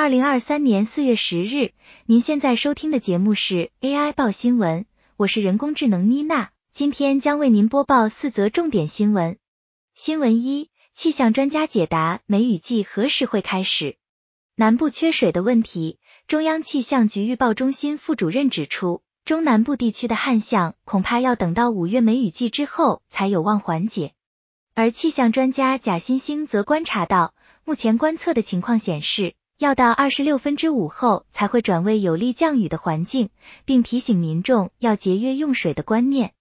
二零二三年四月十日，您現在收聽的節目是 AI 報新聞，我是人工智能妮娜，今天將為您播報四則重點新聞。新聞一，氣象專家解答梅雨季何時會開始？南部缺水的問題，中央氣象局預報中心副主任指出，中南部地區的旱象恐怕要等到五月梅雨季之後才有望緩解。而氣象專家賈新興則觀察到，目前觀測的情況顯示。要到二十六分之五後才會轉為有利降雨的環境，並提醒民眾要節約用水的觀念。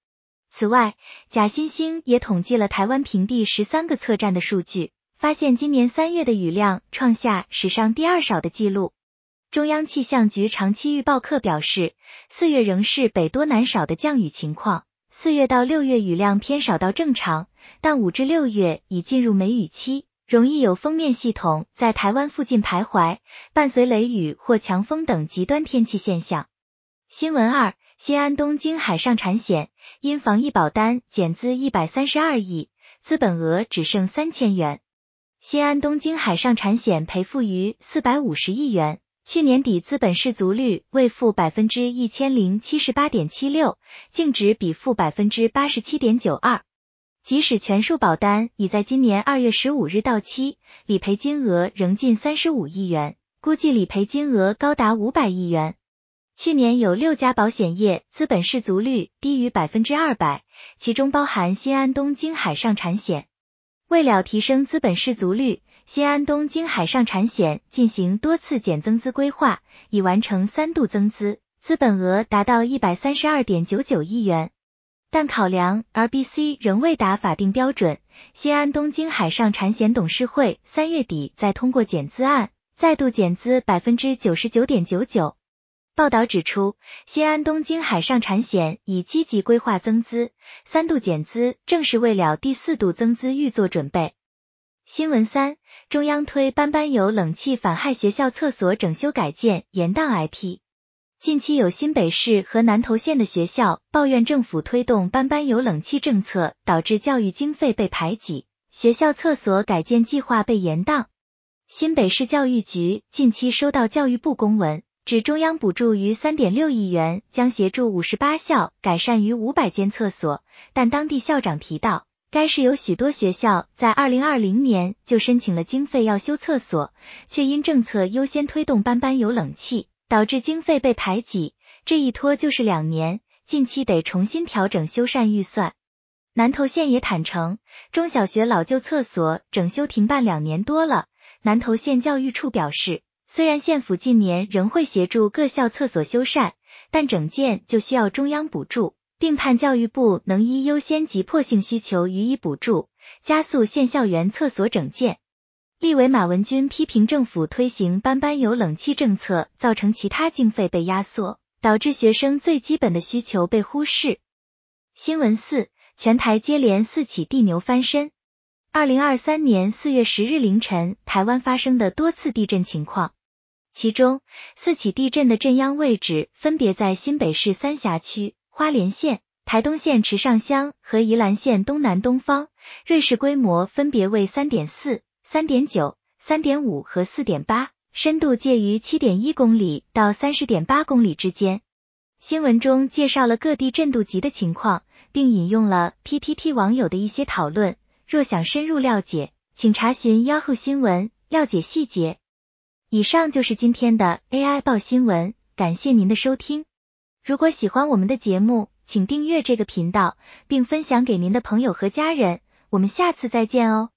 此外，賈新興也統計了台灣平地十三個測站的數據，發現今年三月的雨量創下史上第二少的記錄。中央氣象局長期預報課表示，四月仍是北多南少的降雨情況，四月到六月雨量偏少到正常，但五至六月已進入梅雨期。容易有鋒面系統在台灣附近徘徊，伴隨雷雨或強風等極端天氣現象。新聞二：新安東京海上產險因防疫保單減資一百三十二億，資本額只剩三千元。新安東京海上產險賠付逾四百五十億元，去年底資本適足率為負百分之一千零七十八點七六，淨值比負百分之八十七點九二。即使全數保單已在今年二月十五日到期，理賠金額仍近三十五億元，估計理賠金額高達五百億元。去年有六家保險業資本適足率低於百分之二百，其中包含新安東京海上產險。為了提升資本適足率，新安東京海上產險進行多次減增資規劃，已完成三度增資，資本額達到一百三十二點九九億元。但考量 RBC 仍未達法定標準，新安東京海上產險董事會三月底再通過減資案，再度減資百分之九十九點九九。報道指出，新安東京海上產險已積極規劃增資，三度減資正是為了第四度增資預做準備。新聞三：中央推班班有冷氣反害學校廁所整修改建延宕 IP。近期有新北市和南投縣的學校抱怨，政府推動班班有冷氣政策導致教育經費被排擠，學校廁所改建計劃被延宕。新北市教育局近期收到教育部公文，指中央補助逾三點六億元將協助五十八校改善逾五百間廁所，但當地校長提到，該市有許多學校在二零二零年就申請了經費要修廁所，卻因政策優先推動班班有冷氣。導致經費被排擠，這一拖就是兩年。近期得重新調整修繕預算。南投縣也坦承，中小學老舊廁所整修停辦兩年多了。南投縣教育處表示，雖然縣府近年仍會協助各校廁所修繕，但整建就需要中央補助，並盼教育部能依優先急迫性需求予以補助，加速縣校園廁所整建。立委馬文君批評政府推行班班有冷氣政策，造成其他經費被壓縮，導致學生最基本的需求被忽視。新聞四，全台接連四起地牛翻身。二零二三年四月十日凌晨，台灣發生的多次地震情況，其中四起地震的震央位置分別在新北市三峽區、花蓮縣、台東縣池上鄉和宜蘭縣東南東方，芮氏規模分別為三點四、三點九、三點五和四點八，深度介於七點一公里到三十點八公里之間。新聞中介紹了各地震度級的情況，並引用了 PTT 網友的一些討論。若想深入了解，請查詢 Yahoo 新聞，了解細節。以上就是今天的 AI 報新聞，感謝您的收聽。如果喜歡我們的節目，請訂閱這個頻道，並分享給您的朋友和家人，我們下次再見哦。